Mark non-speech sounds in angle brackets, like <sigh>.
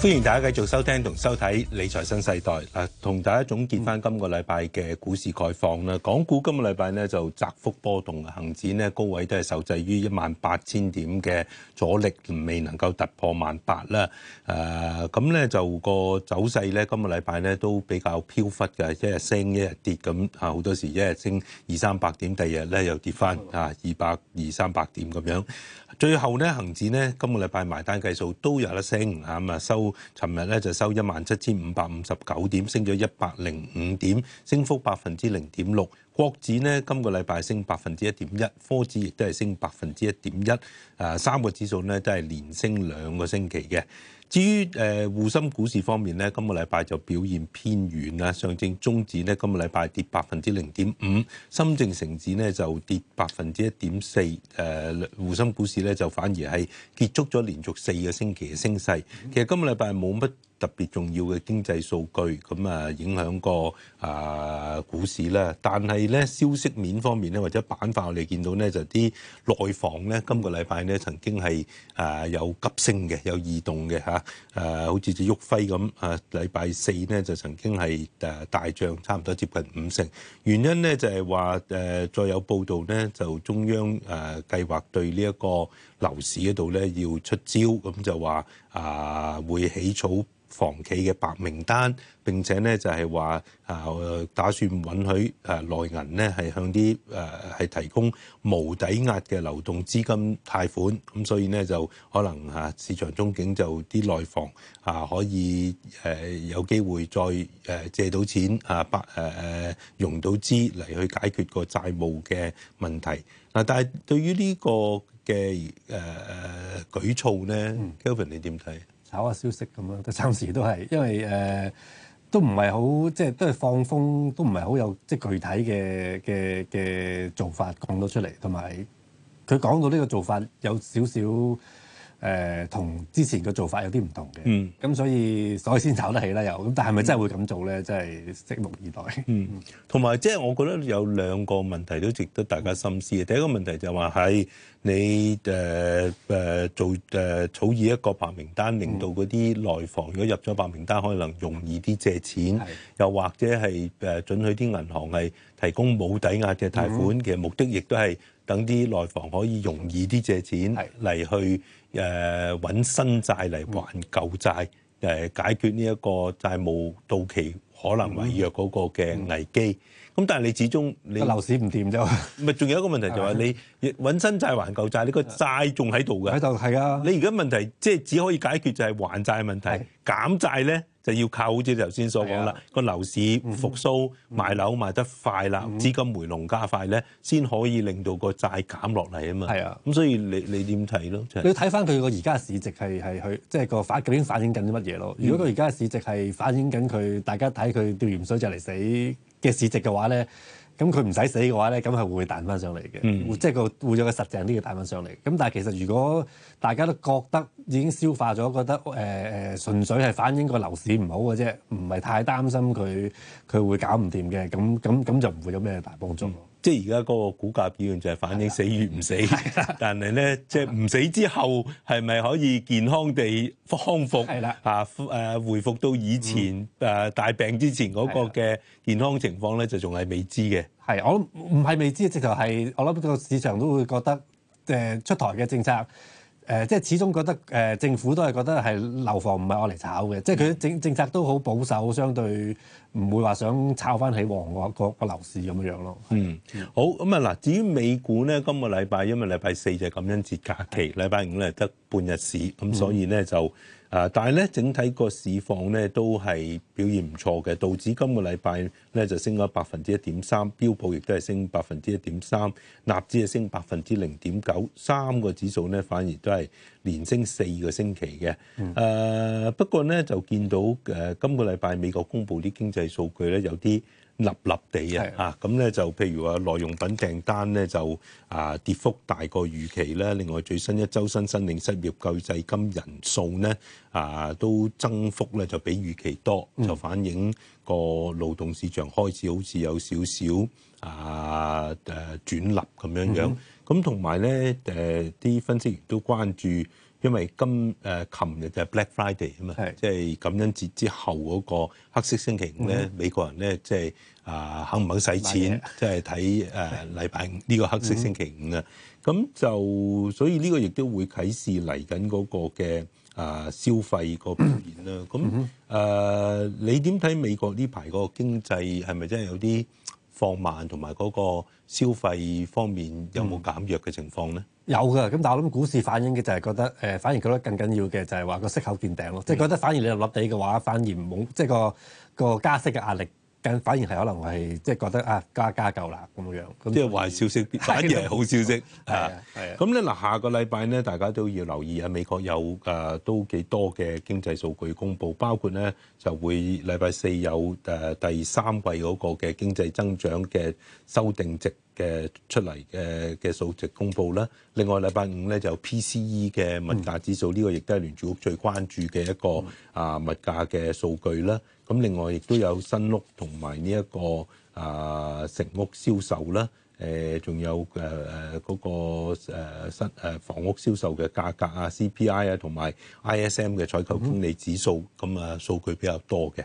歡迎大家繼續收聽同收睇理財新世代，啊，同大家總結翻今個禮拜嘅股市概況啦。港股今個禮拜咧就窄幅波動，恒指呢，高位都係受制於一萬八千點嘅阻力，未能夠突破萬八啦。誒、嗯，咁咧就個走勢咧，今個禮拜咧都比較飄忽嘅，一日升一日跌咁啊，好多時一日升二三百點，第二日咧又跌翻啊、嗯，二百二三百點咁樣。最後咧，恒指呢，指今個禮拜埋單計數都有得升，吓咁啊收。尋日咧就收一萬七千五百五十九點，升咗一百零五點，升幅百分之零點六。國指呢，今個禮拜升百分之一點一，科指亦都係升百分之一點一。誒、啊，三個指數咧都係連升兩個星期嘅。至於誒滬深股市方面咧，今個禮拜就表現偏軟啦。上證綜指咧今個禮拜跌百分之零點五，深證成指咧就跌百分之一點四。誒滬深股市咧就反而係結束咗連續四個星期嘅升勢。其實今個禮拜冇乜特別重要嘅經濟數據，咁啊影響個啊股市啦。但係咧消息面方面咧，或者板塊我哋見到咧就啲內房咧，今個禮拜咧曾經係啊有急升嘅，有異動嘅嚇。啊，好似隻旭輝咁啊，禮拜四咧就曾經係啊大漲，差唔多接近五成。原因咧就係話誒再有報道咧，就中央誒計劃對呢一個樓市嗰度咧要出招，咁就話啊會起草。房企嘅白名單，並且咧就係話啊，打算允許誒內銀咧係向啲誒係提供無抵押嘅流動資金貸款，咁所以咧就可能吓市場中景就啲內房啊可以誒有機會再誒借到錢啊，白誒誒融到資嚟去解決個債務嘅問題。嗱，但係對於呢個。嘅誒、呃、舉措咧，Kelvin 你點睇、嗯？炒下消息咁樣，暫時都係，因為誒、呃、都唔係好，即係都係放風，都唔係好有即係具體嘅嘅嘅做法講到出嚟，同埋佢講到呢個做法有少少。誒同、呃、之前嘅做法有啲唔同嘅，咁、嗯、所以所以先炒得起啦，又咁但係咪真係會咁做咧？嗯、真係拭目以待。嗯，同埋即係我覺得有兩個問題都值得大家深思嘅。嗯、第一個問題就係話喺你誒誒、呃、做誒、呃、草擬一個白名單，令到嗰啲內房如果入咗白名單，可能容易啲借錢，嗯、又或者係誒准許啲銀行係提供冇抵押嘅貸款嘅、嗯嗯、目的，亦都係。等啲內房可以容易啲借錢嚟係去誒揾、呃、新債嚟還舊債誒、嗯、解決呢一個債務到期可能違約嗰個嘅危機。咁、嗯、但係你始終你樓市唔掂啫。唔係，仲有一個問題就係、是、吧你揾新債還舊債，你個債仲喺度㗎。喺度係啊，你而家問題即係、就係、只可以解決就係還債問題，減的債咧。就要靠好似你頭先所講啦，個樓、啊、市復甦、賣樓、嗯、賣得快啦、嗯、資金回籠加快咧，先可以令到個債減落嚟啊嘛。係啊，咁所以你你點睇咯？你睇翻佢個而家市值係係去，即係個反究竟反映緊啲乜嘢咯？如果佢而家嘅市值係反映緊佢、嗯、大家睇佢掉鹽水就嚟死嘅市值嘅話咧。咁佢唔使死嘅話咧，咁係會彈翻上嚟嘅，嗯、即係會有個實淨啲嘅彈翻上嚟。咁但係其實如果大家都覺得已經消化咗，覺得誒誒、呃、純粹係反映個樓市唔好嘅啫，唔係太擔心佢佢會搞唔掂嘅。咁咁咁就唔會有咩大幫助。嗯即係而家嗰個股價表現就係反映死與唔死，的但係咧即係唔死之後係咪可以健康地康復？係啦的，啊誒回復到以前誒大、嗯啊、病之前嗰個嘅健康情況咧，就仲係未知嘅。係，我唔係未知，直頭係，我諗個市場都會覺得誒、呃、出台嘅政策。誒即係始終覺得誒、呃、政府都係覺得係樓房唔係我嚟炒嘅。嗯、即係佢政政策都好保守，相對唔會話想炒翻起旺個個個樓市咁樣咯。嗯好，好咁啊嗱，至於美股咧，今個禮拜因為禮拜四就感恩節假期，禮是 拜五咧得半日市，咁所以咧、嗯、就。啊！但係咧，整體個市況咧都係表現唔錯嘅。道指今個禮拜咧就升咗百分之一點三，標普亦都係升百分之一點三，納指係升百分之零點九，三個指數咧反而都係。連升四個星期嘅，誒、嗯啊、不過咧就見到誒、呃、今個禮拜美國公布啲經濟數據咧有啲立立地啊，咁咧就譬如話耐用品訂單咧就啊跌幅大過預期啦，另外最新一週新申領失業救濟金人數咧啊都增幅咧就比預期多，嗯、就反映，個勞動市場開始好似有少少啊誒轉、啊、立咁樣樣，咁同埋咧誒啲分析員都關注，因為今誒琴日嘅 Black Friday 啊嘛是，即係感恩節之後嗰個黑色星期五咧，mm hmm. 美國人咧即係啊肯唔肯使錢，即係睇誒禮拜呢個黑色星期五啊，咁、mm hmm. 就所以呢個亦都會啟示嚟緊嗰個嘅。啊，消費個表現啦，咁誒、 <coughs> 啊，你點睇美國呢排個經濟係咪真係有啲放慢，同埋嗰個消費方面有冇減弱嘅情況咧 <coughs> 有噶，咁但係我諗股市反映嘅就係覺得誒，反而覺得更緊要嘅就係話個息口見頂咯，即係 <coughs> 覺得反而你落落地嘅話，反而唔冇即係個、嗰個加息嘅壓力。反而係可能係即係覺得啊加加夠啦咁樣，即係壞消息。反而係好消息，係係啊。咁咧嗱，下個禮拜咧，大家都要留意啊。美國有誒、啊、都幾多嘅經濟數據公布，包括咧就會禮拜四有誒、啊、第三季嗰個嘅經濟增長嘅修訂值嘅出嚟嘅嘅數值公布啦，另外禮拜五咧就有 PCE 嘅物價指數，呢個亦都係聯儲局最關注嘅一個啊物價嘅數據啦。咁另外亦都有新屋同埋呢一個啊成屋銷售啦，誒仲有誒誒嗰個誒新誒房屋銷售嘅價格啊 CPI，啊同埋 ISM 嘅採購經理指數，咁啊數據比較多嘅。